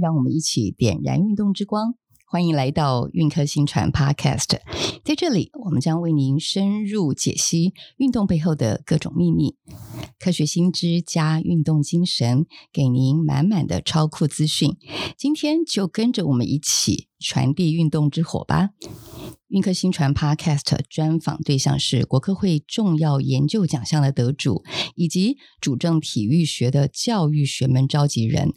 讓我們一起點燃運動之光！歡迎來到運科薪傳 Podcast，在這裡我們將為您深入解析運動背後的各種祕密，科學新知加運動精神，給您滿滿的超酷資訊。今天就跟着我們一起。傳遞運動之火吧！運科新傳 Podcast 專訪對象是國科會重要研究獎項的得主，以及主政體育學的教育學門召集人。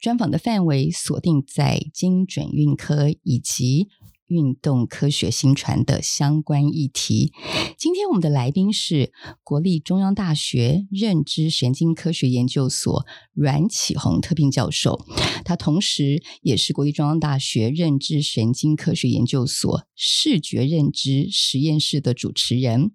專訪的範圍鎖定在精準運科以及。運動科學薪傳的相關議題。今天我們的來賓是國立中央大學認知神經科學研究所阮啟弘特聘教授，他同時也是國立中央大學認知神經科學研究所視覺認知實驗室的主持人。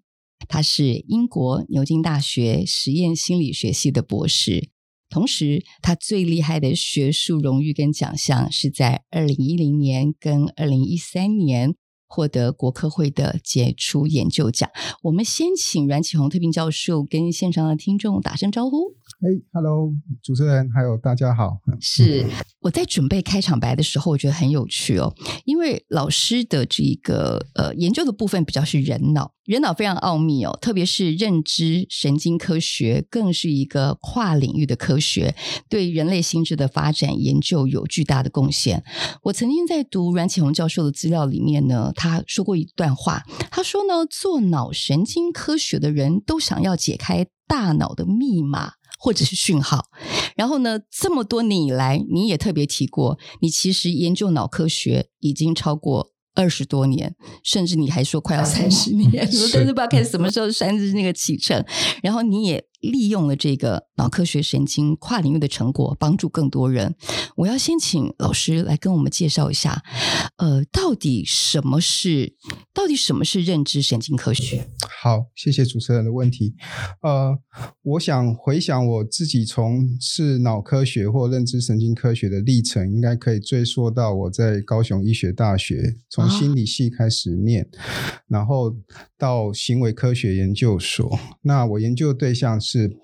他是英國牛津大學實驗心理學系的博士。同時，他最厲害的學術榮譽跟獎項是在2010年跟2013年。獲得國科會的傑出研究獎。我們先請阮啟弘特聘教授跟現場的聽眾打聲招呼。哎、hey，Hello，主持人還有大家好。 是我在準備開場白的時候，我覺得很有趣哦，因為老師的這個呃研究的部分比較是人腦，人腦非常奧秘哦，特別是認知神經科學更是一個跨領域的科學，對人類心智的發展研究有巨大的貢獻。我曾經在讀阮啟弘教授的資料裡面呢。他說過一段話，他說呢，做腦神經科學的人都想要解開大腦的密碼或者是訊號。然後呢，這麼多年以來，你也特別提過，你其實研究腦科學已經超過二十多年，甚至你還說快要三十年，是但都不知道該什麼時候算是那個啟程。然後你也。利用了這個腦科學、神經跨領域的成果，幫助更多人。我要先請老師來跟我們介紹一下，呃，到底什麼是？到底什麼是認知神經科學？好，謝謝主持人的問題。呃，我想回想我自己從事腦科學或認知神經科學的歷程，應該可以追溯到我在高雄醫學大學從心理系開始念，哦、然後到行為科學研究所。那我研究的對象是。是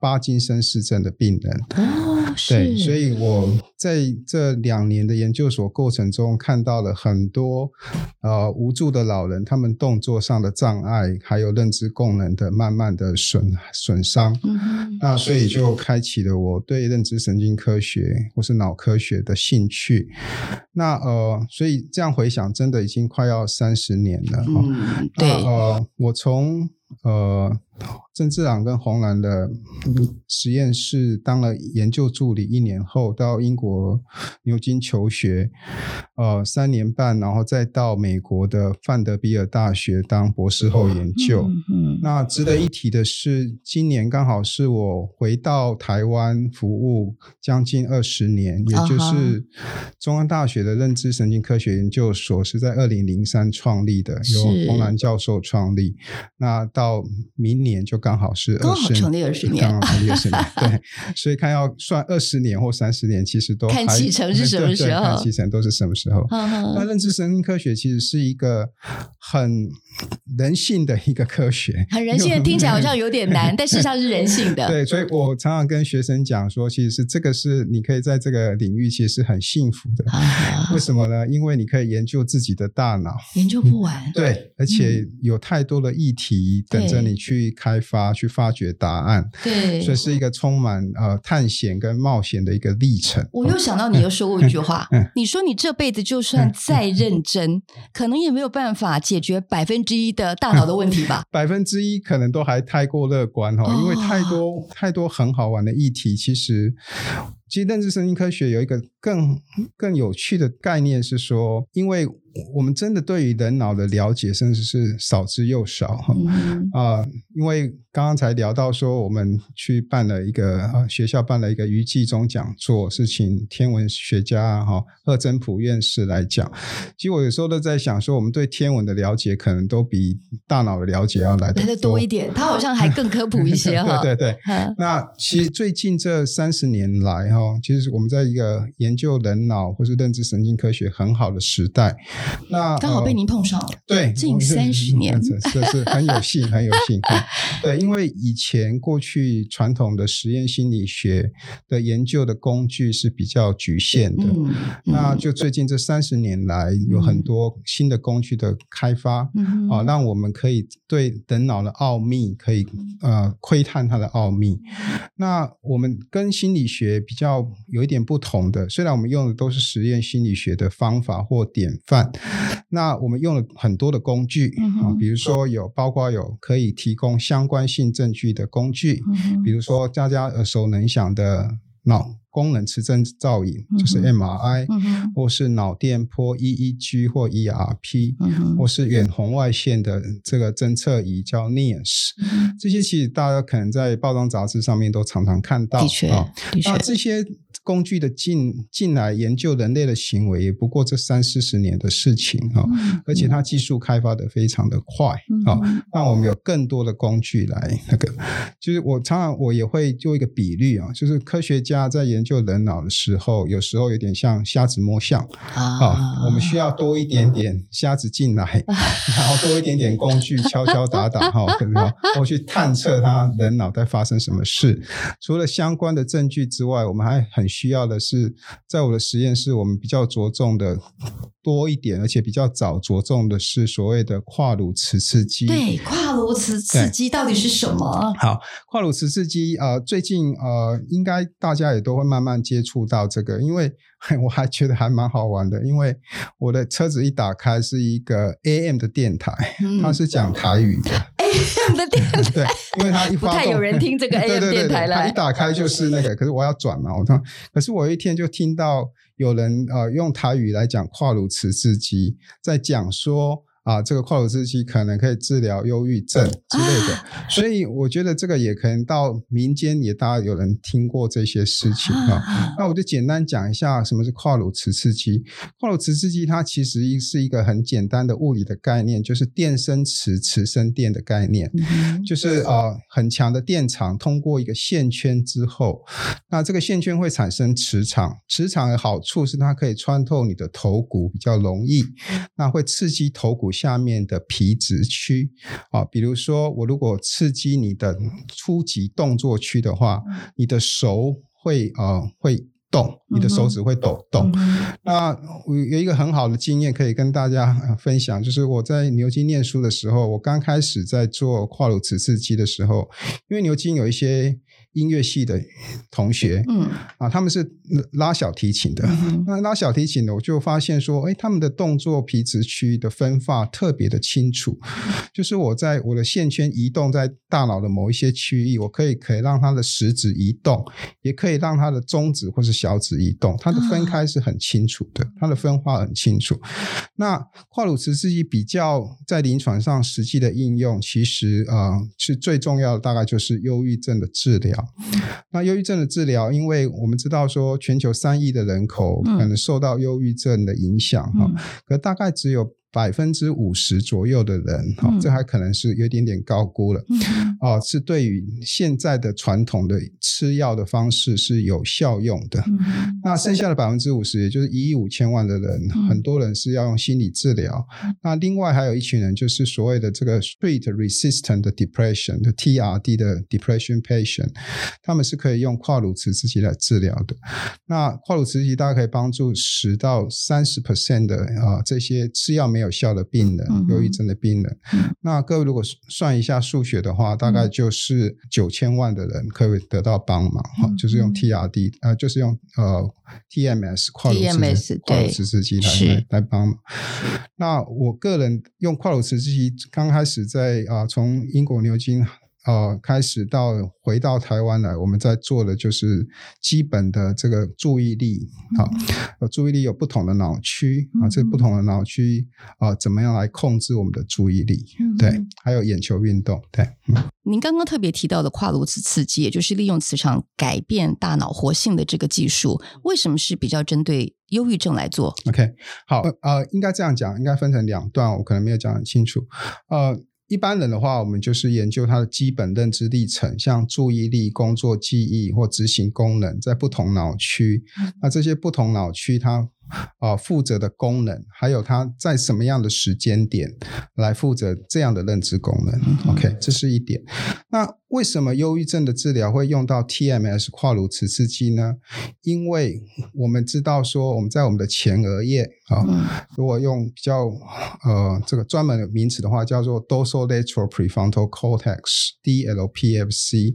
巴金森氏症的病人，哦、對，所以我在這兩年的研究所過程中，看到了很多呃無助的老人，他們動作上的障礙，還有認知功能的慢慢的損損傷，嗯、那所以就開啟了我對認知神經科學或是腦科學的興趣。那呃，所以這樣回想，真的已經快要三十年了哈。嗯呃、對，呃，我從。呃，鄭志朗跟洪蘭的實驗室當了研究助理，一年後到英國牛津求學。呃，三年半，然後再到美國的范德比爾大學當博士後研究。嗯，嗯嗯，那值得一提的是，對今年剛好是我回到台灣服務將近二十年，也就是中央大學的認知神經科學研究所是在二零零三創立的，是由洪蘭教授創立。那到明年就剛好是二十年，剛好成立二十年。年 對，所以看要算二十年或三十年，其實都還看啟程是什麼時候，看啟程都是什麼時候。那認知神經科學其實是一個很人性的一個科學，很人性的很聽起來好像有點難， 但事實上是人性的。對，所以我常常跟學生講說，其實是這個是你可以在這個領域，其實是很幸福的。呵呵為什麼呢？因為你可以研究自己的大腦，研究不完、嗯。對，而且有太多的議題等着你去開發、嗯、去發掘答案。對，所以是一個充滿呃探險跟冒險的一個歷程。我又想到你又說過一句話，你說你這輩子。就算再認真， 可能也沒有辦法解決百分之一的大腦的問題吧。百分之一可能都還太過樂觀哦，oh. 因為太多太多很好玩的議題，其實。其實，認知神經科學有一個更更有趣的概念是說，因為我們真的對於人腦的了解，甚至是少之又少。啊、嗯呃，因為剛剛才聊到說，我們去辦了一個、呃、學校，辦了一個余紀忠講座，是請天文學家哈、哦，賀曾樸院士來講。其實我有時候都在想說，我們對天文的了解，可能都比大腦的了解要來得多，多一點。他好像還更科普一些哈。 哦、 對對對。 那其實最近這三十年來哈。哦，其實是我們在一個研究人腦或是認知神經科學很好的時代，那剛好被您碰上了、呃。對，近三十年，這 是，是，是很有幸，很有幸。 對，因為以前過去傳統的實驗心理學的研究的工具是比較局限的，嗯嗯、那就最近這三十年來有很多新的工具的開發，啊、嗯哦，讓我們可以對人腦的奧秘可以呃窺探它的奧秘。那我們跟心理學比較。要有一點不同的，雖然我們用的都是實驗心理學的方法或典範，那我們用了很多的工具，嗯、哼比如說有，包括有可以提供相關性證據的工具，嗯、哼比如說大家耳熟能詳的腦。功能磁振造影就是 M R I，、嗯、哼或是腦電波 E E G 或 E R P，、嗯、哼或是遠紅外線的這個偵測儀叫 NIRS，、嗯、哼這些其實大家可能在報章雜誌上面都常常看到啊。那這些工具的進進來研究人類的行為，也不過這三四十年的事情啊，哦嗯、哼而且它技術開發的非常的快啊。那、嗯哼哦、我們有更多的工具來那個，嗯、哼 就是我常常我也會做一個比喻啊，就是科學家在研研究人腦的時候，有時候有點像瞎子摸象，啊哦、我們需要多一點點瞎子進來，啊、然後多一點點工具 敲敲打打，哈、哦，然後去探測它人腦袋發生什麼事。除了相關的證據之外，我們還很需要的是，在我的實驗室，我們比較着重的。多一點，而且比較早着重的是所謂的跨顱磁刺激。對，跨顱磁刺激到底是什麼？好，跨顱磁刺激，呃，最近呃，應該大家也都會慢慢接觸到這個，因為嘿我還覺得還蠻好玩的，因為我的車子一打開是一個 AM 的電台，嗯，它是講台語的。 這樣的電台， 對，因為他一發，不太有人聽這個、AM、電台了。 對對對對，他一打開就是那個， 可是我要轉嘛，我說，可是我一天就聽到有人呃用台語來講跨顱磁刺激，在講說。啊，這個跨顱磁刺激可能可以治療憂鬱症之類的，啊、所以我覺得這個也可能到民間也大概有人聽過這些事情啊。啊那我就簡單講一下什麼是跨顱磁刺激。跨顱磁刺激它其實是一個很簡單的物理的概念，就是電生磁，磁生電的概念，嗯、就是啊、嗯呃、很強的電場通過一個線圈之後，那這個線圈會產生磁場。磁場的好處是它可以穿透你的頭骨比較容易，那會刺激頭骨下面的皮質區啊，比如說，我如果刺激你的初級動作區的話，你的手會啊、呃、會動，你的手指會抖動。嗯、哼那我有一個很好的經驗可以跟大家分享，就是我在牛津念書的時候，我剛開始在做跨顱磁刺激的時候，因為牛津有一些。音樂系的同學，嗯，啊，他們是拉小提琴的。那、嗯、哼拉小提琴的，我就發現說，哎，他們的動作皮質區域的分化特別的清楚。就是我在我的線圈移動在大腦的某一些區域，我可以可以讓他的食指移動，也可以讓他的中指或是小指移動。它的分開是很清楚的，它、嗯、的分化很清楚。那跨顱磁刺激比較在臨床上實際的應用，其實啊、呃、是最重要的，大概就是憂鬱症的治療。那憂鬱症的治療，因為我們知道說，全球三億的人口可能受到憂鬱症的影響，哈、嗯，可大概只有。百分之五十左右的人，哈，這還可能是有點點高估了，哦，是對於現在的傳統的吃藥的方式是有效用的。那剩下的百分之五十，也就是一億五千萬的人，很多人是要用心理治療。那另外還有一群人，就是所謂的這個 treatment resistant 的 depression 的 TRD 的 depression patient，他們是可以用跨顱磁刺激來治療的。那跨顱磁刺激大概可以幫助十到三十 percent 的啊這些吃藥沒。有效的病人，憂鬱症的病人，嗯、哼那各位如果算一下數學的話，嗯、大概就是九千萬的人可以得到幫忙，嗯、就是用 TRD 啊、呃，就是用呃 TMS 跨 TMS 跨顱磁刺激來是來幫忙。那我個人用跨顱磁刺激，剛開始在啊、呃，從英國牛津。呃，開始到回到台灣來，我們在做的就是基本的這個注意力、嗯、哼啊，注意力有不同的腦區、嗯、哼啊，這不同的腦區啊，怎麼樣來控制我們的注意力？嗯、哼對，還有眼球運動。對，嗯、您剛剛特別提到的跨顱磁刺激，也就是利用磁場改變大腦活性的這個技術，為什麼是比較針對憂鬱症來做？OK，好，呃，應該這樣講，應該分成兩段，我可能沒有講很清楚，呃。一般人的話，我們就是研究他的基本認知歷程，像注意力、工作記憶或執行功能，在不同腦區。那這些不同腦區，它。啊，負責的功能，還有它在什麼樣的時間點來負責這樣的認知功能。嗯哼。OK，這是一點。那為什麼憂鬱症的治療會用到 TMS 跨顱磁刺激呢？因為我們知道說，我們在我們的前額葉啊，如果用比較呃這個專門的名詞的話，叫做 dorsolateral prefrontal cortex（DLPFC），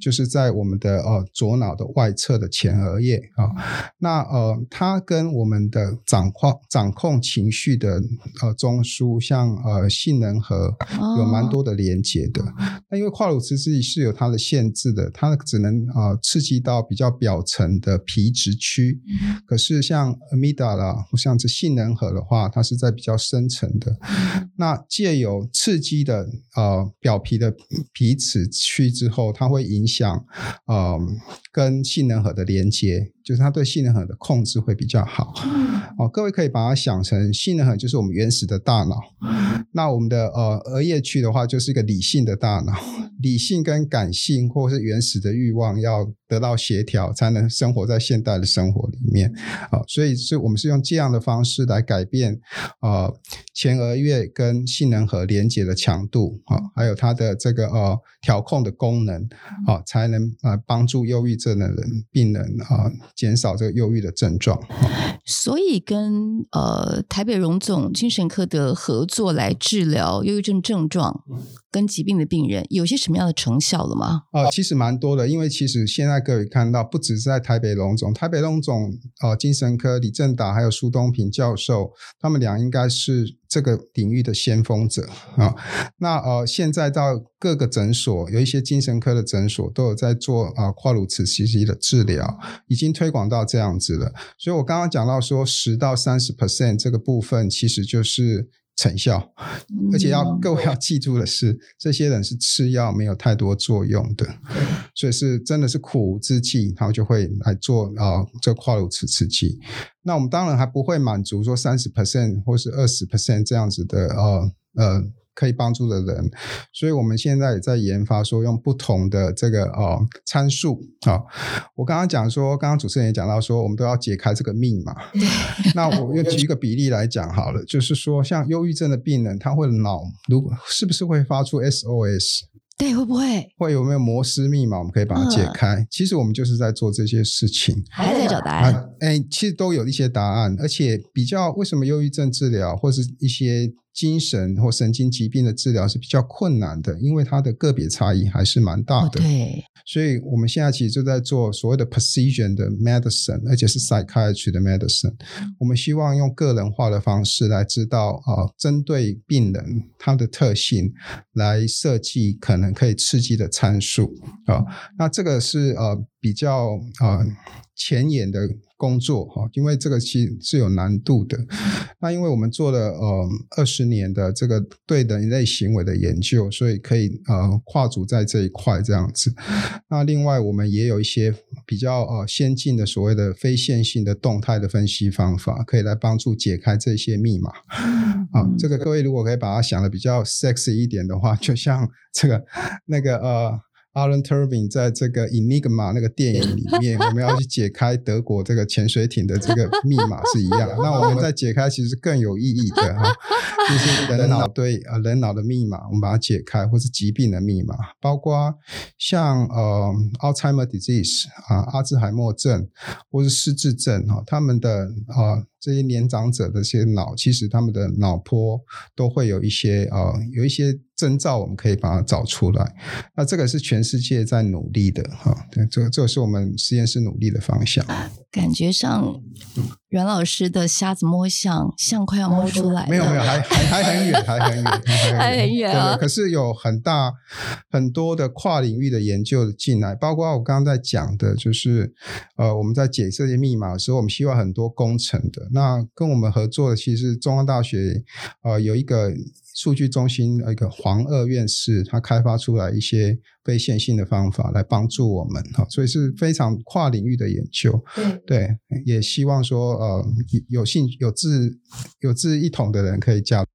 就是在我們的呃左腦的外側的前額葉啊。那呃，它跟我們的掌控掌控情緒的呃中樞，像呃杏仁核有蠻多的連接的。那、哦、因為跨顱磁刺激是有它的限制的，它只能啊、呃、刺激到比較表層的皮質區。可是像 amygdala 啦，或像這杏仁核的話，它是在比較深層的。那借由刺激的呃表皮的皮質區之後，它會影響呃跟杏仁核的連接。就是他對杏仁核的控制會比較好哦，各位可以把它想成杏仁核就是我們原始的大腦，那我們的呃額葉區的話就是一個理性的大腦，理性跟感性或是原始的慾望要得到協調，才能生活在現代的生活裡面啊、哦，所以是我們是用這樣的方式來改變啊、呃、前額葉跟杏仁核連接的強度啊、哦，還有它的這個呃調控的功能啊、哦，才能呃幫助憂鬱症的人病人啊。呃減少這個憂鬱的症狀，嗯、所以跟呃台北榮總精神科的合作來治療憂鬱症症狀。嗯跟疾病的病人有些什麼樣的成效了嗎、呃？其實蠻多的，因為其實現在各位看到，不只是在台北榮總，台北榮總、呃、精神科李正達還有蘇東平教授，他們倆應該是這個領域的先鋒者啊、呃。那呃，現在到各個診所，有一些精神科的診所都有在做啊、呃、跨顱磁刺激的治療，已經推廣到這樣子了。所以我剛剛講到說10到30，十到三十 percent 這個部分，其實就是。成效，而且要各位要記住的是，這些人是吃藥沒有太多作用的，所以是真的是苦之劑，然後就會來做啊，這、呃、跨顱磁刺激，那我們當然還不會滿足說三十 percent 或是二十 percent 這樣子的呃呃。呃可以幫助的人，所以我們現在也在研發，說用不同的這個哦參數啊、哦。我剛剛講說，剛剛主持人也講到說，我們都要解開這個密碼。對那我用一個比例來講好了， 就是說，像憂鬱症的病人，他會腦如果是不是會發出 SOS？對，會不會？會有沒有摩斯密碼？我們可以把它解開。嗯、其實我們就是在做這些事情，還在找答案、啊哎。其實都有一些答案，而且比較為什麼憂鬱症治療或是一些。精神或神經疾病的治療是比較困難的，因為它的個別差異還是蠻大的。Oh, 對，所以我們現在其實就在做所謂的 precision 的 medicine，而且是 psychiatry 的 medicine。嗯、我們希望用個人化的方式來知道啊、呃，針對病人他的特性來設計可能可以刺激的參數啊。呃嗯、那這個是呃比較呃。嗯前沿的工作哈，因為這個其實有難度的。那因為我們做了呃二十年的這個對人類行為的研究，所以可以呃跨足在這一塊這樣子。那另外我們也有一些比較呃先進的所謂的非線性的動態的分析方法，可以來幫助解開這些密碼。啊、呃，這個各位如果可以把它想得比較 sexy 一點的話，就像這個那個呃。Alan Turing 在這個 Enigma 那個電影裡面， 我們要去解開德國這個潛水艇的這個密碼是一樣的。 那我們再解開，其實是更有意義的哈、啊，就是人腦對啊人腦的密碼，我們把它解開，或是疾病的密碼，包括像呃 Alzheimer disease 啊阿茲海默症或是失智症、啊、他們的啊。這些年長者的這些腦，其實他們的腦波都會有一些呃、哦，有一些徵兆，我們可以把它找出來。那這個是全世界在努力的哈、哦，對，這個這個是我們實驗室努力的方向。啊、感覺上。嗯阮老師的瞎子摸象，象快要摸出來、嗯。沒有，沒有，還還很遠，還很遠， 還很遠。 很遠對，啊、可是有很大很多的跨領域的研究進來，包括我剛剛在講的，就是呃，我們在解這些密碼的時候，我們希望很多工程的那跟我們合作的，其實中央大學呃有一個。數據中心的一個黃鍔院士，他開發出來一些非線性的方法來幫助我們，所以是非常跨領域的研究。對，也希望說呃，有興有志有志一同的人可以加入。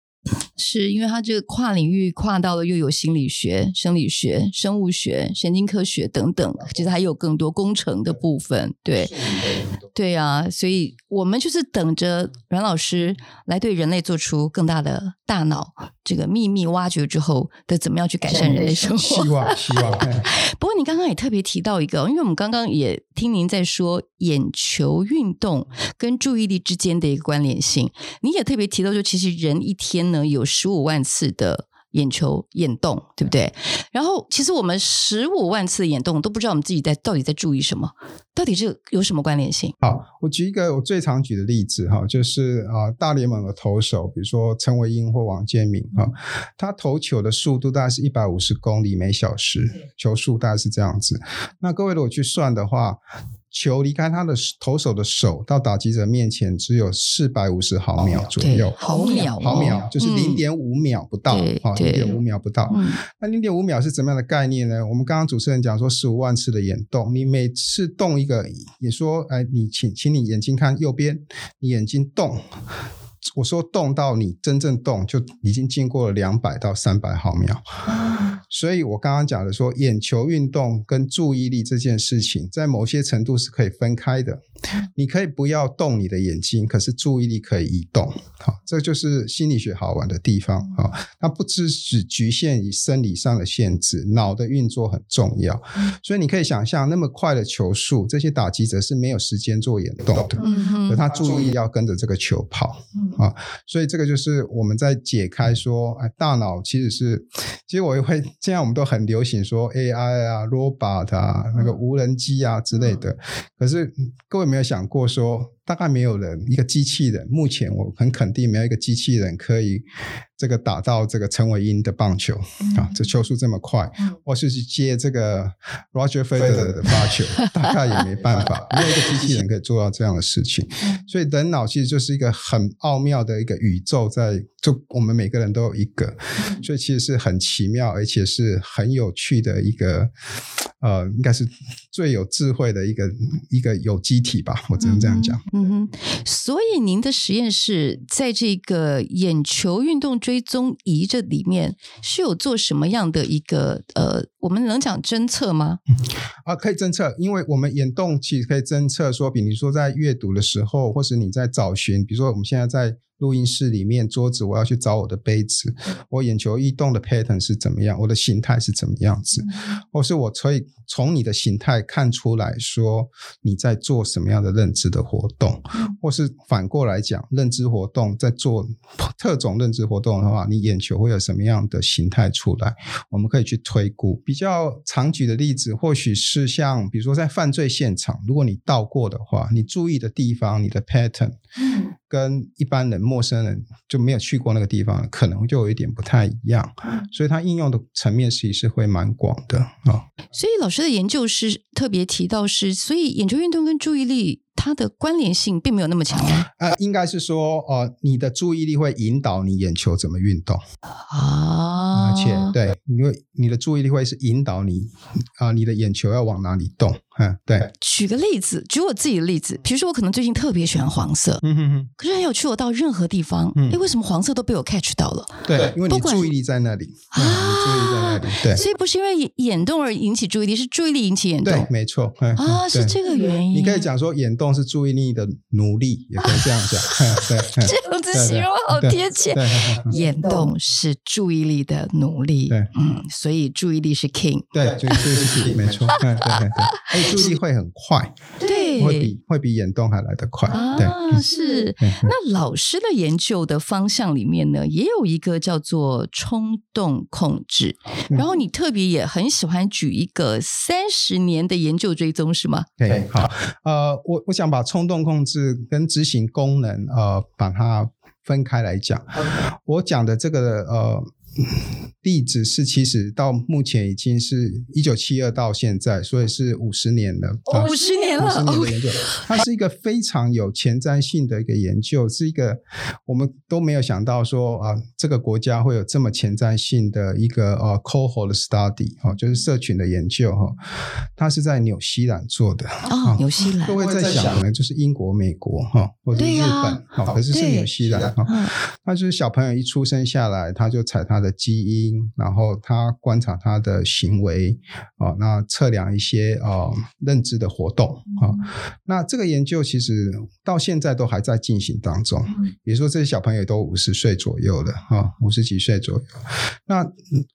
是因為它這個跨領域跨到了又有心理學、生理學、生物學、神經科學等等，其實還有更多工程的部分。對，對，對，對，對啊，所以我們就是等着阮老師來對人類做出更大的大腦這個祕密挖掘之後的怎麼樣去改善人類生活？希望，希望。 不過你剛剛也特別提到一個，因為我們剛剛也聽您在說眼球運動跟注意力之間的一個關聯性，你也特別提到就是其實人一天呢有。十五萬次的眼球眼動，對不對？然後其實我們十五萬次的眼動都不知道我們自己在到底在注意什麼，到底這有什麼關聯性？好，我舉一個我最常舉的例子哈，就是啊，大聯盟的投手，比如說陳偉殷或王建民，他投球的速度大概是一百五十公里每小時，球速大概是這樣子。那各位如果去算的話，球離開他的投手的手到打擊者面前只有四百五十毫秒左右，oh, 毫秒、哦、毫秒就是零點五秒不到，啊，零點五秒不到。嗯、那零點五秒是怎麼樣的概念呢？我們剛剛主持人講說十五萬次的眼動，你每次動一個，也說哎，你請請你眼睛看右邊，你眼睛動，我說動到你真正動就已經經過了兩百到三百毫秒。哦所以我剛剛講的說，眼球運動跟注意力這件事情，在某些程度是可以分開的。你可以不要動你的眼睛，可是注意力可以移動。好，這就是心理學好玩的地方。它不只是局限於生理上的限制，腦的運作很重要。所以你可以想象，那麼快的球速，這些打擊者是沒有時間做眼動的。所以他注意要跟着這個球跑啊。所以這個就是我們在解開說，哎，大腦其實是，其實我也會。現在我們都很流行說 AI 啊、robot 啊、那個無人機啊之類的，可是各位有沒有想過說。大概沒有人，一個機器人，目前我很肯定沒有一個機器人可以這個打到這個陳偉英的棒球，嗯、啊，這球速這麼快，或是，嗯、去接這個 Roger Federer 的發球， 大概也沒辦法。沒有一個機器人可以做到這樣的事情。所以人腦其實就是一個很奧妙的一個宇宙在，在就我們每個人都有一個，所以其實是很奇妙而且是很有趣的一個，呃，應該是最有智慧的一個一個有機體吧，我只能這樣講。嗯嗯哼，所以您的實驗室在這個眼球運動追蹤儀這裡面是有做什麼樣的一個呃，我們能講偵測嗎？啊，可以偵測，因為我們眼動其實可以偵測說比，比如說在閱讀的時候，或是你在找尋，比如說我們現在在。錄音室裡面桌子，我要去找我的杯子。我眼球移動的 pattern 是怎麼樣？我的形態是怎麼樣子？嗯、或是我可以從你的形態看出來說你在做什麼樣的認知的活動？嗯、或是反過來講，認知活動在做特種認知活動的話，你眼球會有什麼樣的形態出來？我們可以去推估。比較常舉的例子，或許是像比如說在犯罪現場，如果你到過的話，你注意的地方，你的 pattern。跟一般人、陌生人就沒有去過那個地方，可能就有一點不太一樣。所以它應用的層面其實是會蠻廣的啊。嗯，所以老師的研究是。特別提到是，所以眼球運動跟注意力它的關聯性並沒有那麼強、啊。啊，應該是說，呃，你的注意力會引導你眼球怎麼運動啊？而且，對，因為你的注意力會是引導你啊、呃，你的眼球要往哪裡動？嗯、啊，對。舉個例子，舉我自己的例子，比如說我可能最近特別喜歡黃色，嗯哼哼。可是很有趣，我到任何地方，哎、嗯欸，為什麼黃色都被我 catch 到了？對，因為你注意力在那裡不管、嗯、你注意力在那裡。啊、對，所以不是因為眼動而引起注意力，是注意力引起眼動。沒錯，啊，是這個原因。你可以講說眼動是注意力的奴隸，也可以這樣講。對，這樣子形容好貼切。眼動是注意力的奴隸。對，嗯，所以注意力是 king。對，注意力是 king，沒錯。對對對，所以注意力會很快，對，會比會比眼動還來得快。啊，是。那老師的研究的方向裡面呢，也有一個叫做衝動控制。然後你特別也很喜歡舉一個三十年的研究追蹤是嗎？對，okay, 好，呃，我我想把衝動控制跟執行功能，呃，把它分開來講。Okay. 我講的這個，呃。例子、嗯、是，其實到目前已經是一九七二到現在，所以是五十年了。哦，五十、啊、年了，五十年的研究。okay 它是一個非常有前瞻性的一個研究，是一個我們都沒有想到說啊，這個國家會有這麼前瞻性的一個啊 cohort study 哦、啊，就是社群的研究哈、啊。它是在紐西蘭做的哦，啊、紐西蘭。各位在想可能就是英國、美國、啊、或者日本、啊啊、可是是紐西蘭哈。那就是小朋友一出生下來，他就踩他的基因，然後他觀察他的行為啊、哦，那測量一些啊、哦、認知的活動啊，哦嗯、那這個研究其實到現在都還在進行當中。比如說，這些小朋友都五十歲左右了啊，哦、五十幾歲左右。那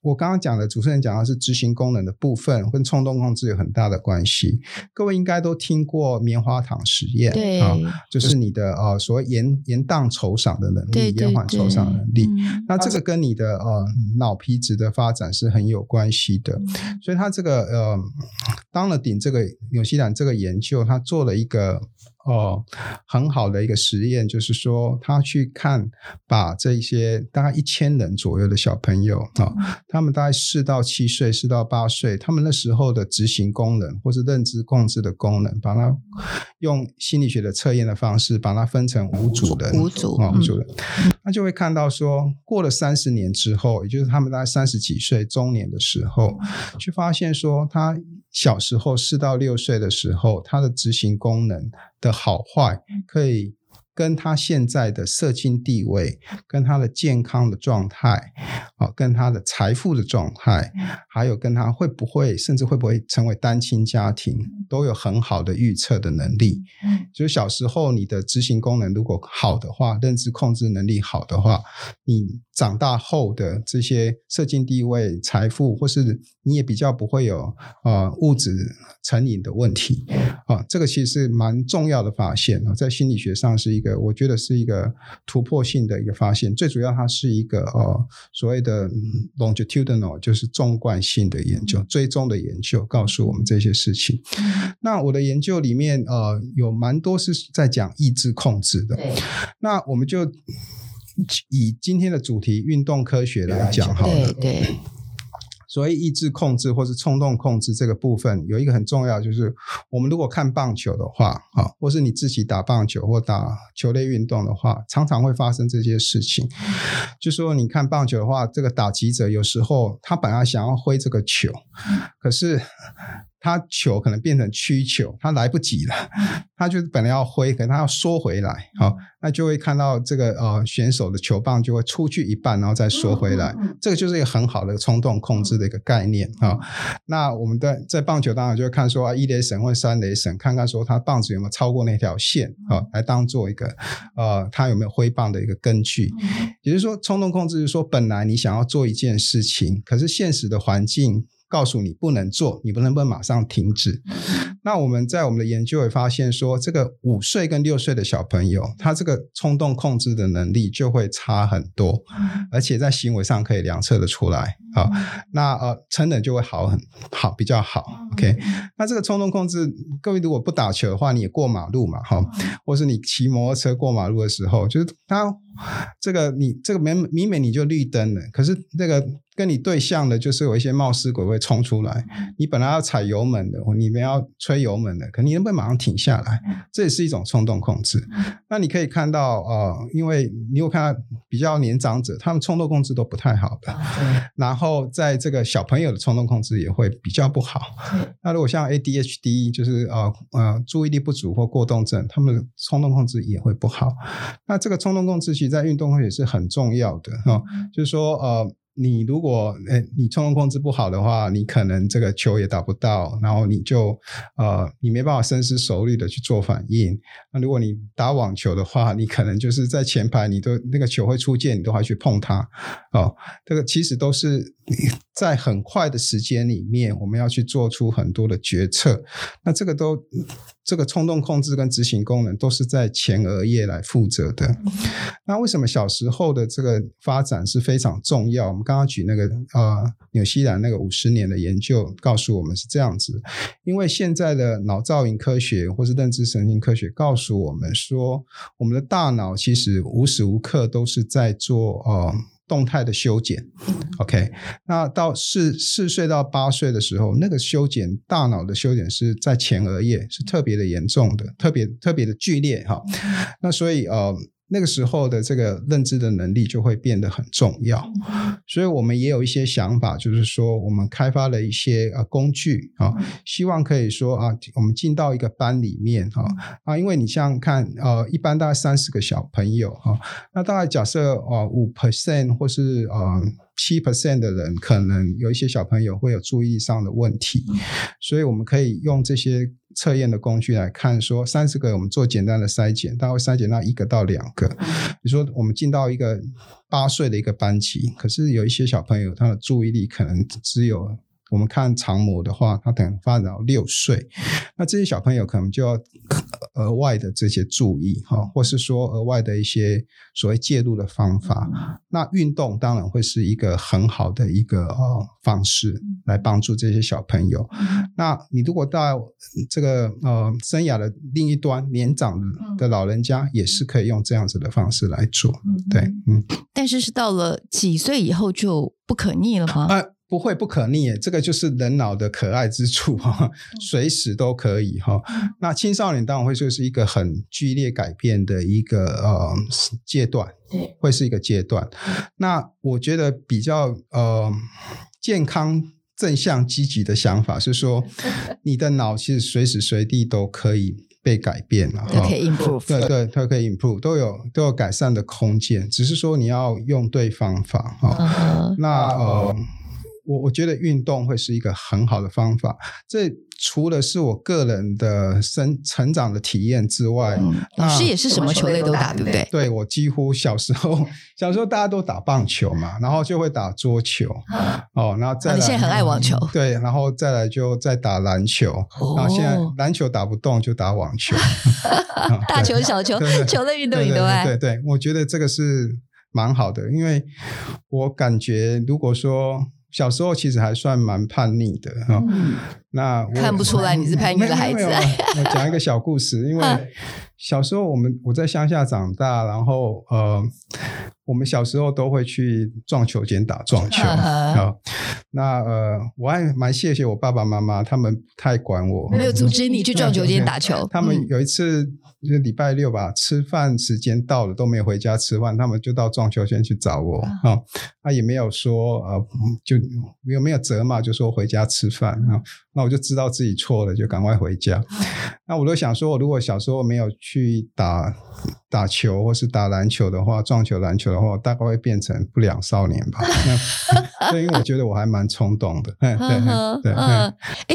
我剛剛講的主持人講的是執行功能的部分，跟衝動控制有很大的關係。各位應該都聽過棉花糖實驗啊對、哦，就是你的啊、哦、所謂延延宕酬賞的能力，對對對，延緩酬賞能力。嗯、那這個、啊、跟你的啊。哦呃、嗯，腦皮質的發展是很有關係的，嗯、所以他這個呃， 當了頂這個紐西蘭這個研究，他做了一個。哦，很好的一個實驗，就是說他去看，把這些大概一千人左右的小朋友啊、哦，他們大概四到七歲，四到八歲，他們那時候的執行功能或是認知控制的功能，把它用心理學的測驗的方式把它分成五組人，五、哦、組人，那就會看到說，過了三十年之後，也就是他們大概三十幾歲中年的時候，去發現說他。小時候四到六歲的時候，他的執行功能的好壞可以。跟他現在的社經地位，跟他的健康的狀態，啊、哦，跟他的財富的狀態，還有跟他會不會甚至會不會成為單親家庭，都有很好的預測的能力。嗯，所以小時候你的執行功能如果好的話，認知控制能力好的話，你長大後的這些社經地位、財富，或是你也比較不會有啊、呃、物質成癮的問題。啊、哦，這個其實是蠻重要的發現啊，在心理學上是一個。我覺得是一個突破性的一個發現，最主要它是一個呃，所謂的 longitudinal，就是縱貫性的研究，追蹤的研究，告訴我們這些事情。那我的研究裡面，呃，有蠻多是在講抑制控制的。對那我們就以今天的主題運動科學來講，好了。對對所以意志控制或是衝動控制這個部分有一個很重要，就是我們如果看棒球的話，啊，或是你自己打棒球或打球類運動的話，常常會發生這些事情。就說你看棒球的話，這個打擊者有時候他本來想要揮這個球，可是，他球可能變成曲球，他來不及了，他就是本來要揮，可他要縮回來，好、嗯，那就會看到這個呃選手的球棒就會出去一半，然後再縮回來，嗯嗯、這個就是一個很好的衝動控制的一個概念啊。哦嗯、那我們在在棒球當中就會看說一壘審或三壘審，看看說他棒子有沒有超過那條線啊、哦，來當做一個呃他有沒有揮棒的一個根據。也就是說，衝動控制就是說本來你想要做一件事情，可是現實的環境。告訴你不能做，你不能不能馬上停止。那我們在我們的研究會發現說，這個五歲跟六歲的小朋友，他這個衝動控制的能力就會差很多，而且在行為上可以量測得出來、嗯、好，那呃，成人就會好很好比較好。嗯、OK，那這個衝動控制，各位如果不打球的話，你也過馬路嘛，哈，嗯、或是你騎摩托車過馬路的時候，就是他這個你這個明明明你就綠燈了，可是那、這個。跟你對象的，就是有一些冒失鬼會衝出來。你本來要踩油門的，你們要吹油門的，可能你能不能馬上停下來？這也是一種衝動控制。那你可以看到，呃，因為你有看到比較年長者，他們衝動控制都不太好的。嗯、然後在這個小朋友的衝動控制也會比較不好。那如果像 ADHD，就是呃呃注意力不足或過動症，他們衝動控制也會不好。那這個衝動控制其實在運動會也是很重要的啊、呃，就是說呃。你如果誒，你衝動控制不好的話，你可能這個球也打不到，然後你就呃，你沒辦法深思熟慮的去做反應。那如果你打網球的話，你可能就是在前排，你都那個球會出界，你都還去碰它哦。這個其實都是在很快的時間裡面，我們要去做出很多的決策。那這個都。這個衝動控制跟執行功能都是在前額葉來負責的。那為什麼小時候的這個發展是非常重要？我們剛剛舉那個呃紐西蘭那個五十年的研究告訴我們是這樣子，因為現在的腦造影科學或是認知神經科學告訴我們說，我們的大腦其實無時無刻都是在做呃。動態的修剪，OK，那到四四歲到八歲的時候，那個修剪，大腦的修剪是在前額葉是特別的嚴重的，特別特別的劇烈哈，那所以呃。那個時候的這個認知的能力就會變得很重要，所以我們也有一些想法，就是說我們開發了一些呃工具啊，希望可以說啊，我們進到一個班裡面啊啊，因為你像看呃，一般大概三十個小朋友啊，那大概假設啊五 percent 或是啊七 percent 的人，可能有一些小朋友會有注意上的問題，所以我們可以用這些。測驗的工具來看說，說三十個我們做簡單的篩檢，大概會篩檢到一個到兩個。比如說我們進到一個八歲的一個班級，可是有一些小朋友他的注意力可能只有。我們看常模的話，他可能發展到六歲，那這些小朋友可能就要額外的這些注意哈，或是說額外的一些所謂介入的方法。那運動當然會是一個很好的一個呃方式來幫助這些小朋友。那你如果到這個呃生涯的另一端，年長的老人家也是可以用這樣子的方式來做，對，嗯。但是是到了幾歲以後就不可逆了嗎？呃不會不可逆耶，這個就是人腦的可愛之處啊、哦，隨時都可以哈、哦。那青少年當然會就是一個很劇烈改變的一個呃階段，會是一個階段。嗯、那我覺得比較呃健康正向積極的想法是說， 你的腦其實隨時隨地都可以被改變了、哦，can 對，對，對，它可以 improve，都有都有改善的空間，只是說你要用對方法、哦 uh huh. 那呃。我我覺得運動會是一個很好的方法。這除了是我個人的生成長的體驗之外、嗯，老師也是什麼球類都打，對不對？對我幾乎小時候小時候大家都打棒球嘛，然後就會打桌球。啊、哦，然後再來、啊、你現在很愛網球、嗯，對，然後再來就再打籃球。哦、然後現在籃球打不動就打網球， 嗯、 大球小球球類運動，你都愛。對對，對，對，我覺得這個是蠻好的，因為我感覺如果說。小時候其實還算蠻叛逆的啊。嗯、那我看不出來你是叛逆的孩子、啊嗯。我講一個小故事， 因為小時候我們我在鄉下長大，然後呃，我們小時候都會去撞球間打撞球、 嗯、那呃，我還蠻謝謝我爸爸媽媽，他們太管我，沒有阻止你去撞球間打球。他們有一次。嗯就禮拜六吧，吃飯時間到了，都沒有回家吃飯，他們就到撞丘村去找我，嗯、啊。他也沒有說、呃、就有沒有責罵，就說回家吃飯啊。那我就知道自己錯了，就趕快回家。嗯、那我都想說，我如果小時候沒有去打。打球或是打籃球的話，撞球籃球的話，大概會變成不良少年吧。所以 我覺得我還蠻衝動的。 對對、對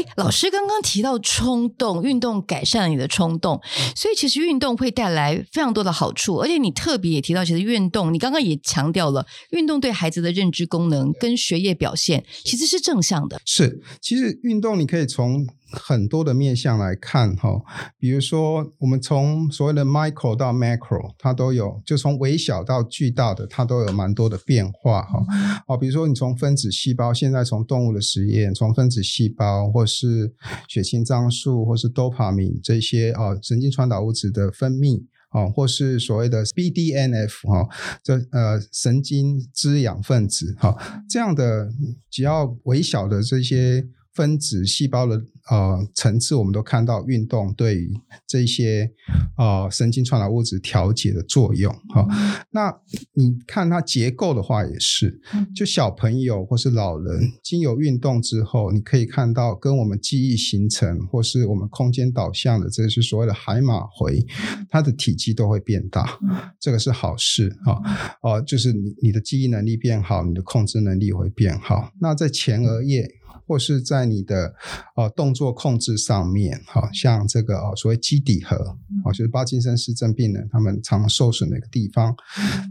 誒，老師剛剛提到衝動，運動改善你的衝動，所以其實運動會帶來非常多的好處，而且你特別也提到，其實運動，你剛剛也強調了，運動對孩子的認知功能跟學業表現其實是正向的。是，其實運動你可以從。很多的面向來看哈，比如說我們從所謂的 micro 到 macro，它都有，就從微小到巨大的，它都有蠻多的變化哈。哦，比如說你從分子細胞，現在從動物的實驗，從分子細胞或是血清臟素，或是 dopamine 這些哦神經傳導物質的分泌啊，或是所謂的 BDNF 哈，這呃神經滋養分子哈，這樣的只要微小的這些分子細胞的。呃，層次我們都看到運動對於這些呃神經傳導物質調節的作用哈、哦。那你看它結構的話也是，就小朋友或是老人經由運動之後，你可以看到跟我們記憶形成或是我們空間導向的，這是所謂的海馬回，它的體積都會變大，這個是好事啊、哦呃。就是你你的記憶能力變好，你的控制能力會變好。那在前額葉。或是在你的呃動作控制上面，好、啊、像這個呃、啊、所謂基底核哦、嗯啊，就是帕金森氏症病人他們常受損的一個地方，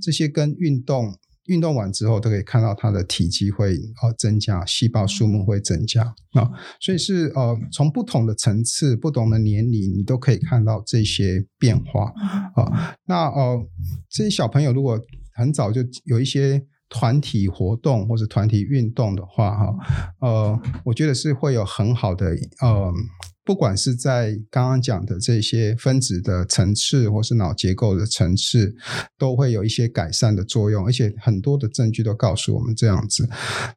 這些跟運動運動完之後都可以看到它的體積會呃增加，細胞數目會增加啊，所以是呃從不同的層次、不同的年齡，你都可以看到這些變化啊。那呃這些小朋友如果很早就有一些。團體活動或者團體運動的話，哈，呃，我覺得是會有很好的，呃，不管是在剛剛講的這些分子的層次，或是腦結構的層次，都會有一些改善的作用，而且很多的證據都告訴我們這樣子。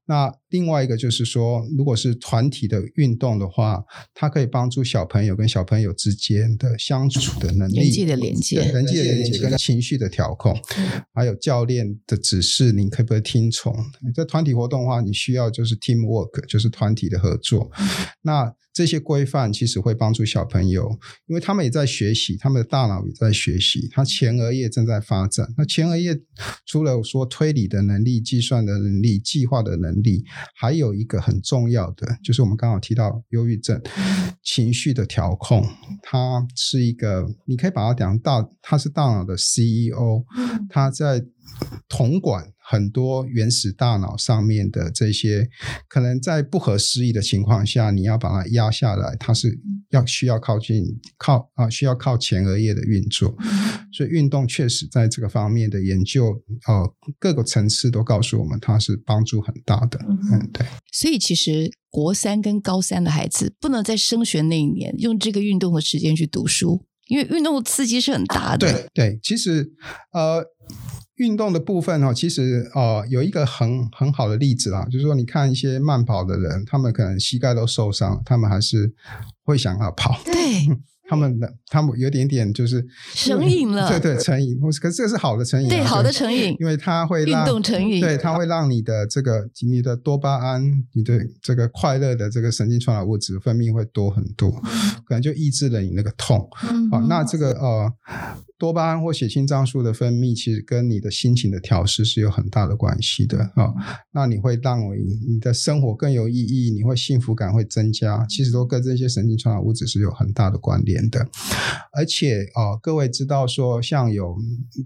那另外一個就是說，如果是團體的運動的話，它可以幫助小朋友跟小朋友之間的相處的能力、人際的連接、人際的連接跟情緒的調控，還有教練的指示，你可不可以聽從？在團體活動的話，你需要就是 team work，就是團體的合作。那這些規範其實會幫助小朋友，因為他們也在學習，他們的大腦也在學習，他前額葉正在發展。那前額葉除了說推理的能力、計算的能力、計劃的能力。還有一個很重要的，就是我們剛好提到憂鬱症，情緒的調控，它是一個，你可以把它講到，它是大腦的 CEO，它在統管。很多原始大腦上面的這些，可能在不合時宜的情況下，你要把它壓下來，它是要需要靠近靠啊，需要靠前額葉的運作。所以運動確實在這個方面的研究，呃、啊，各個層次都告訴我們，它是幫助很大的。嗯，對。所以其實國三跟高三的孩子，不能在升學那一年用這個運動的時間去讀書，因為運動的刺激是很大的。對對，其實呃。運動的部分哦，其實哦，有一個很很好的例子啦，就是說，你看一些慢跑的人，他們可能膝蓋都受傷，他們還是會想要跑。對，他們的他們有點點就是成癮了。對，對對，成癮。可是這是好的成癮，對，對好的成癮，因為它會讓運動成癮，對，它會讓你的這個你的多巴胺，你的這個快樂的這個神經傳導物質分泌會多很多，可能就抑制了你那個痛。好、嗯哼，那這個呃。多巴胺或血清臟素的分泌，其實跟你的心情的調適是有很大的關係的啊、哦。那你會讓你的生活更有意義，你會幸福感會增加，其實都跟這些神經傳導物質是有很大的關聯的。而且啊、哦，各位知道說，像有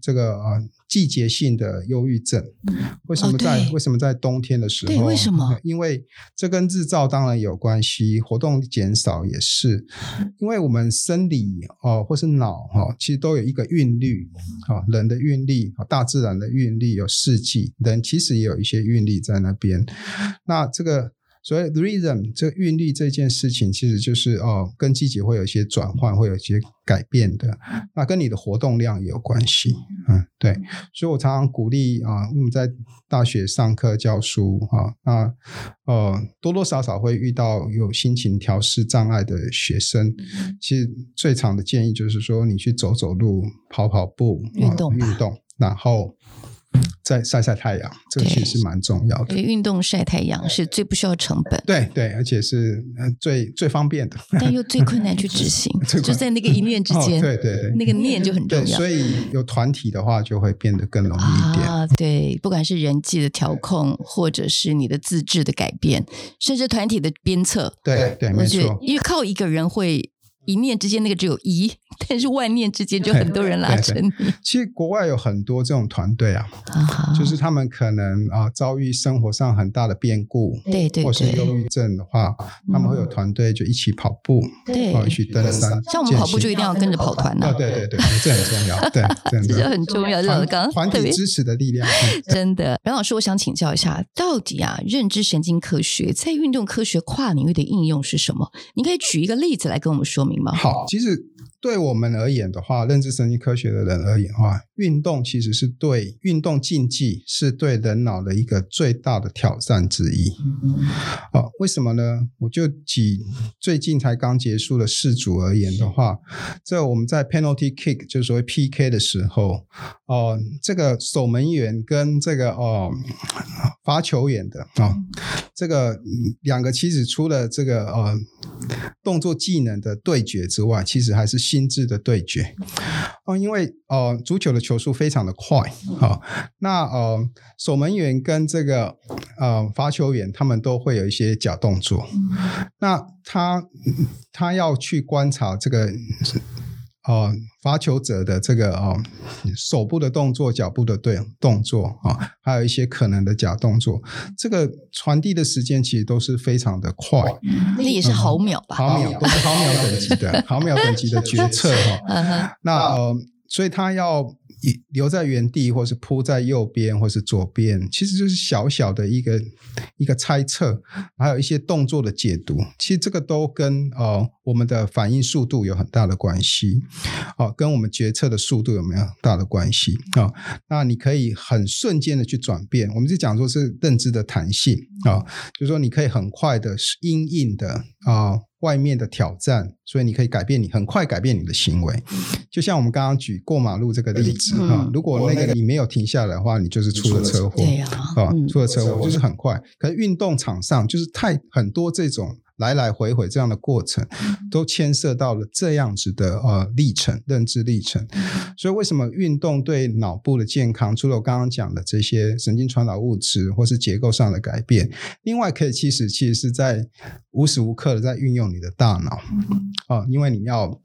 這個啊。呃季節性的憂鬱症，為什麼在、哦、為什麼在冬天的時候？對，為什麼？因為這跟日照當然有關係，活動減少也是。因為我們生理哦，或是腦哈、哦，其實都有一個韻律，哦，人的韻律，哦，大自然的韻律有四季，人其實也有一些韻律在那邊。那這個。所以 rhythm 這韻律這件事情，其實就是哦，跟季節會有一些轉換，會有一些改變的。那跟你的活動量也有關係，嗯，對。所以我常常鼓勵啊，我、嗯、們在大學上課教書啊那呃，多多少少會遇到有心情調適障礙的學生。嗯、其實最常的建議就是說，你去走走路、跑跑步、運動運動，然後。在曬曬太陽，這個其實蠻重要的。因為運動曬太陽是最不需要成本，對對，而且是最最方便的，但又最困難去執行，是就在那個一念之間，哦。對對對，那個念就很重要對。所以有團體的話，就會變得更容易一點啊。對，不管是人際的調控，或者是你的自制的改變，甚至團體的鞭策。對對，對沒錯，因為靠一個人會。一念之間，那個只有一；但是萬念之間，就很多人拉扯。其實國外有很多這種團隊啊，就是他們可能啊遭遇生活上很大的變故，對，或是憂鬱症的話，他們會有團隊就一起跑步，對，一起登山。像我們跑步就一定要跟着跑團呢，對對對，這很重要，對，這很重要，團體支持的力量。真的。阮老師，我想請教一下，到底啊認知神經科學在運動科學跨領域的應用是什麼？你可以舉一個例子來跟我們說明。好，其實。對我們而言的話，認知神經科學的人而言的話，運動其實是對運動競技是對人腦的一個最大的挑戰之一。嗯嗯啊，為什麼呢？我就舉最近才剛結束的世足而言的話，是這我們在 penalty kick 就是說 PK 的時候，哦、呃，這個守門員跟這個哦罰、呃、球員的哦、啊，這個兩個其實除了這個呃動作技能的對決之外，其實還是。心智的對決，嗯、哦，因為呃，足球的球速非常的快，好、哦，那呃，守門員跟這個呃罰球員，他們都會有一些假動作，嗯、那他他要去觀察這個。哦，發球者的這個哦，手部的動作、腳部的動動作啊、哦，還有一些可能的假動作，這個傳遞的時間其實都是非常的快，那、嗯嗯、也是毫秒吧？毫、嗯、秒、秒都是毫秒等級的，毫 秒等級的決策哈。那呃，所以他要留在原地，或是撲在右邊，或是左邊，其實就是小小的一個一個猜測，還有一些動作的解讀。其實這個都跟呃、哦、我們的反應速度有很大的關係，哦，跟我們決策的速度有沒有很大的關係啊、哦？那你可以很瞬間的去轉變，我們就講說是認知的彈性啊，就、哦、是說你可以很快的因應的啊。哦外面的挑戰，所以你可以改變你，很快改變你的行為。就像我們剛剛舉過馬路這個例子哈，嗯、如果那個你沒有停下來的話，你就是出了車禍，那個、車對啊，出了車禍就是很快。嗯、可是運動場上就是太，很多這種。來來回回這樣的過程，都牽涉到了這樣子的呃歷程、認知歷程。所以，為什麼運動對腦部的健康，除了我剛剛講的這些神經傳導物質或是結構上的改變，另外可以其實其實是在無時無刻的在運用你的大腦啊、呃，因為你要。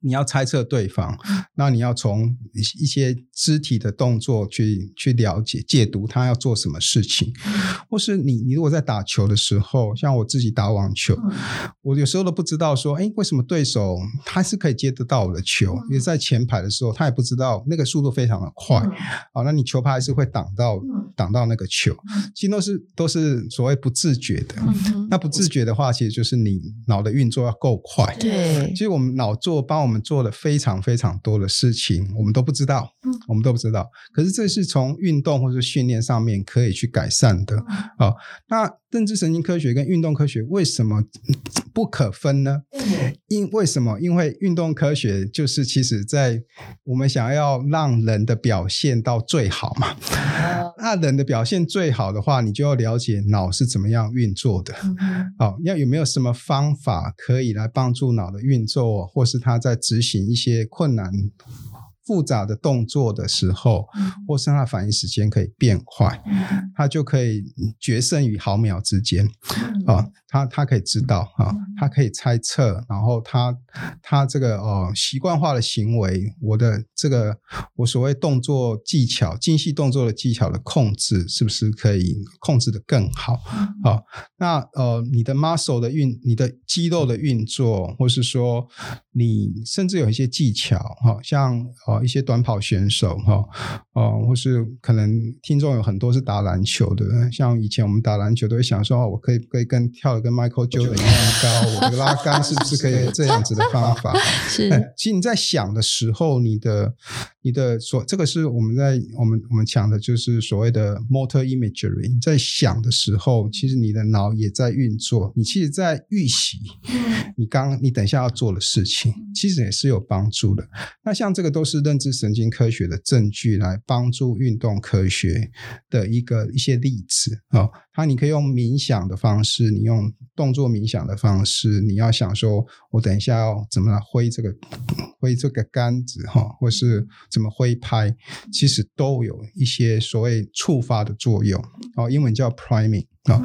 你要猜測對方，嗯、那你要從一些肢體的動作去去了解解讀他要做什麼事情，嗯、或是你你如果在打球的時候，像我自己打網球，嗯、我有時候都不知道說，哎，為什麼對手他是可以接得到我的球？因為、嗯、在前排的時候，他也不知道那個速度非常的快，好、嗯哦，那你球拍還是會擋到、嗯、擋到那個球，其實都是都是所謂不自覺的。嗯、哼那不自覺的話，其實就是你腦的運作要夠快。對，其實我們腦做。幫我們做了非常非常多的事情，我們都不知道，我們都不知道。可是這是從運動或者訓練上面可以去改善的。好，那。認知神經科學跟運動科學為什麼不可分呢？Yeah. 因為什麼？因為運動科學就是其實在我們想要讓人的表現到最好嘛。那、uh huh. 啊、人的表現最好的話，你就要了解腦是怎麼樣運作的。好、uh，那、huh. 哦、有沒有什麼方法可以來幫助腦的運作，或是它在執行一些困難？複雜的動作的時候，或是它反應時間可以變快，它就可以決勝於毫秒之間啊、哦！它他可以知道啊、哦，它可以猜測，然後它他這個呃習慣化的行為，我的這個我所謂動作技巧精細動作的技巧的控制是不是可以控制得更好？好、哦，那呃，你的 muscle 的運，你的肌肉的運作，或是說你甚至有一些技巧，好、哦、像。呃一些短跑選手，哈、哦，哦，或是可能聽眾有很多是打籃球的，像以前我們打籃球都會想說，哦、我可以可以跟跳得跟 Michael Jordan 一樣高，我拉桿是不是可以這樣子的方法？ 是、哎。其實你在想的時候你的，你的你的所這個是我們在我們我們講的就是所謂的 motor imagery，在想的時候，其實你的腦也在運作，你其實在預習，你剛你等一下要做的事情，其實也是有幫助的。那像這個都是。認知神經科學的證據來幫助運動科學的一個一些例子啊、哦，它你可以用冥想的方式，你用動作冥想的方式，你要想說，我等一下要怎麼來揮這個揮這個桿子哈、哦，或是怎麼揮拍，其實都有一些所謂觸發的作用，哦，英文叫 priming。啊、 哦，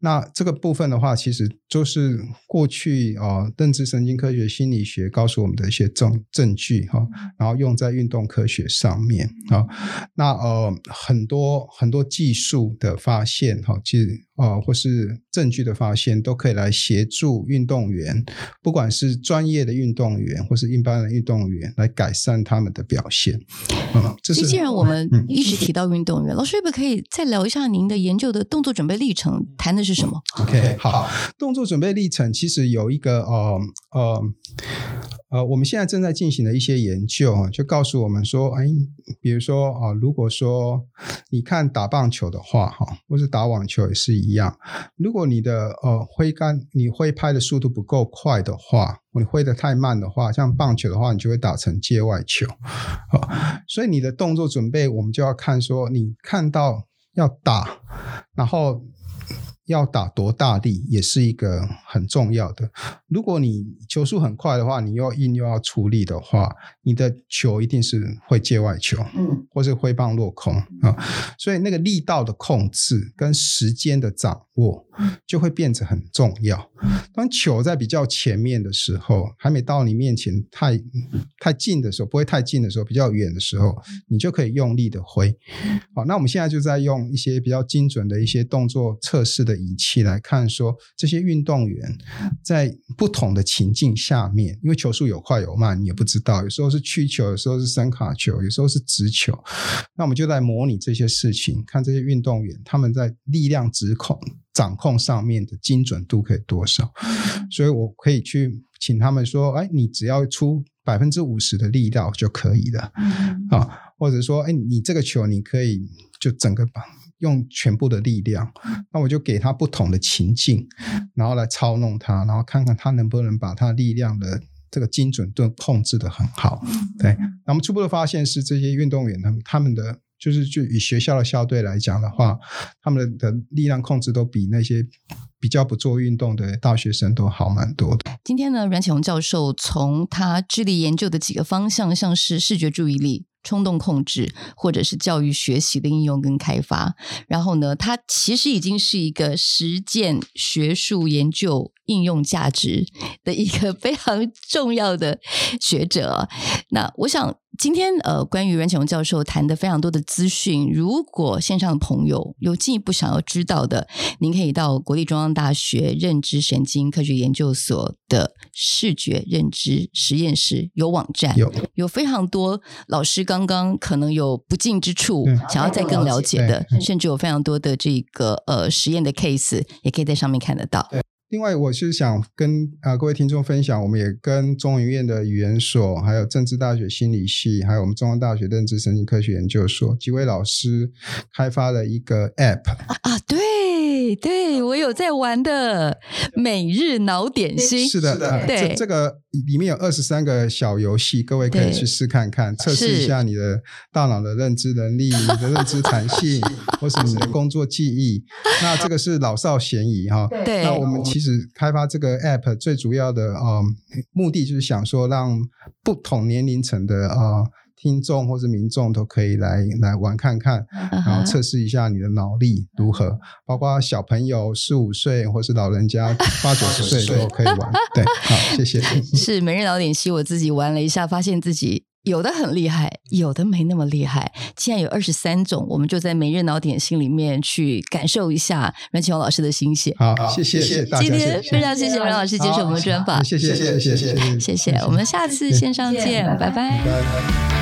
那這個部分的話，其實就是過去啊，認、哦、知神經科學、心理學告訴我們的一些證證據哈、哦，然後用在運動科學上面啊、哦。那呃，很多很多技術的發現哈、哦，其實。啊、呃，或是證據的發現都可以來協助運動員，不管是專業的運動員或是一般的運動員，來改善他們的表現。嗯、這是既然我們一直提到運動員，嗯、老師可不可以再聊一下您的研究的動作準備歷程？談的是什麼？OK，好，動作準備歷程其實有一個，呃，呃。呃，我們現在正在進行的一些研究啊，就告訴我們說，哎，比如說啊、呃呃，如果說你看打棒球的話，哈，或是打網球也是一樣，如果你的呃揮桿、你揮拍的速度不夠快的話，你揮得太慢的話，像棒球的話，你就會打成界外球啊。所以你的動作準備，我們就要看說，你看到要打，然後。要打多大力也是一個很重要的。如果你球速很快的話，你又要硬又要出力的話，你的球一定是會界外球，嗯，或是揮棒落空啊。所以那個力道的控制跟時間的掌握，oh, 就會變得很重要。當球在比較前面的時候，還沒到你面前太，太太近的時候，不會太近的時候，比較遠的時候，你就可以用力的揮。好，那我們現在就在用一些比較精準的一些動作測試的儀器來看，說這些運動員在不同的情境下面，因為球速有快有慢，你也不知道，有時候是曲球，有時候是伸卡球，有時候是直球。那我們就來模擬這些事情，看這些運動員他們在力量、指控。掌控上面的精準度可以多少？所以我可以去請他們說：“哎，你只要出百分之五十的力量就可以了。”啊，或者說：“哎，你這個球，你可以就整個把用全部的力量。”那我就給他不同的情境，然後來操弄他，然後看看他能不能把他力量的這個精準度控制得很好。對，那麼初步的發現是這些運動員他們他們的。就是就以學校的校隊來講的話，他們的力量控制都比那些比較不做運動的大學生都好蠻多的。今天呢，阮啟弘教授從他致力研究的幾個方向，像是視覺注意力、衝動控制，或者是教育學習的應用跟開發，然後呢，他其實已經是一個實踐學術研究，應用價值的一個非常重要的學者。啊。那我想今天呃，關於阮啟弘教授談的非常多的資訊，如果線上的朋友有進一步想要知道的，您可以到國立中央大學認知神經科學研究所的視覺認知實驗室，有網站，有，有非常多老師剛剛可能有不盡之處，想要再更了解的，嗯嗯、甚至有非常多的這個呃實驗的 case，也可以在上面看得到。另外，我是想跟啊、呃、各位聽眾分享，我們也跟中研院的語言所，還有政治大學心理系，還有我們中央大學認知神經科學研究所幾位老師，開發了一個 App。啊，啊，對。對，我有在玩的每日腦點心，是的，是的，對、啊這，這個裡面有二十三個小遊戲，各位可以去試看看，對測試一下你的大腦的認知能力、是你的認知彈性， 或是你的工作記憶。 那這個是老少咸宜哈。哦、對，那我們其實開發這個 app 最主要的啊、哦、目的就是想說讓不同年齡層的啊。哦聽眾或者民眾都可以來來玩看看，然後測試一下你的腦力如何。包括小朋友四五歲，或是老人家八九十歲都可以玩。對，好，謝謝。是每日腦點心，我自己玩了一下，發現自己有的很厲害，有的沒那麼厲害。既然有二十三種，我們就在每日腦點心裡面去感受一下阮啟弘老師的心血。好，謝謝大家。今天非常謝謝阮老師接受我們的專訪。謝謝謝謝謝謝謝謝。我們下次線上見，拜拜。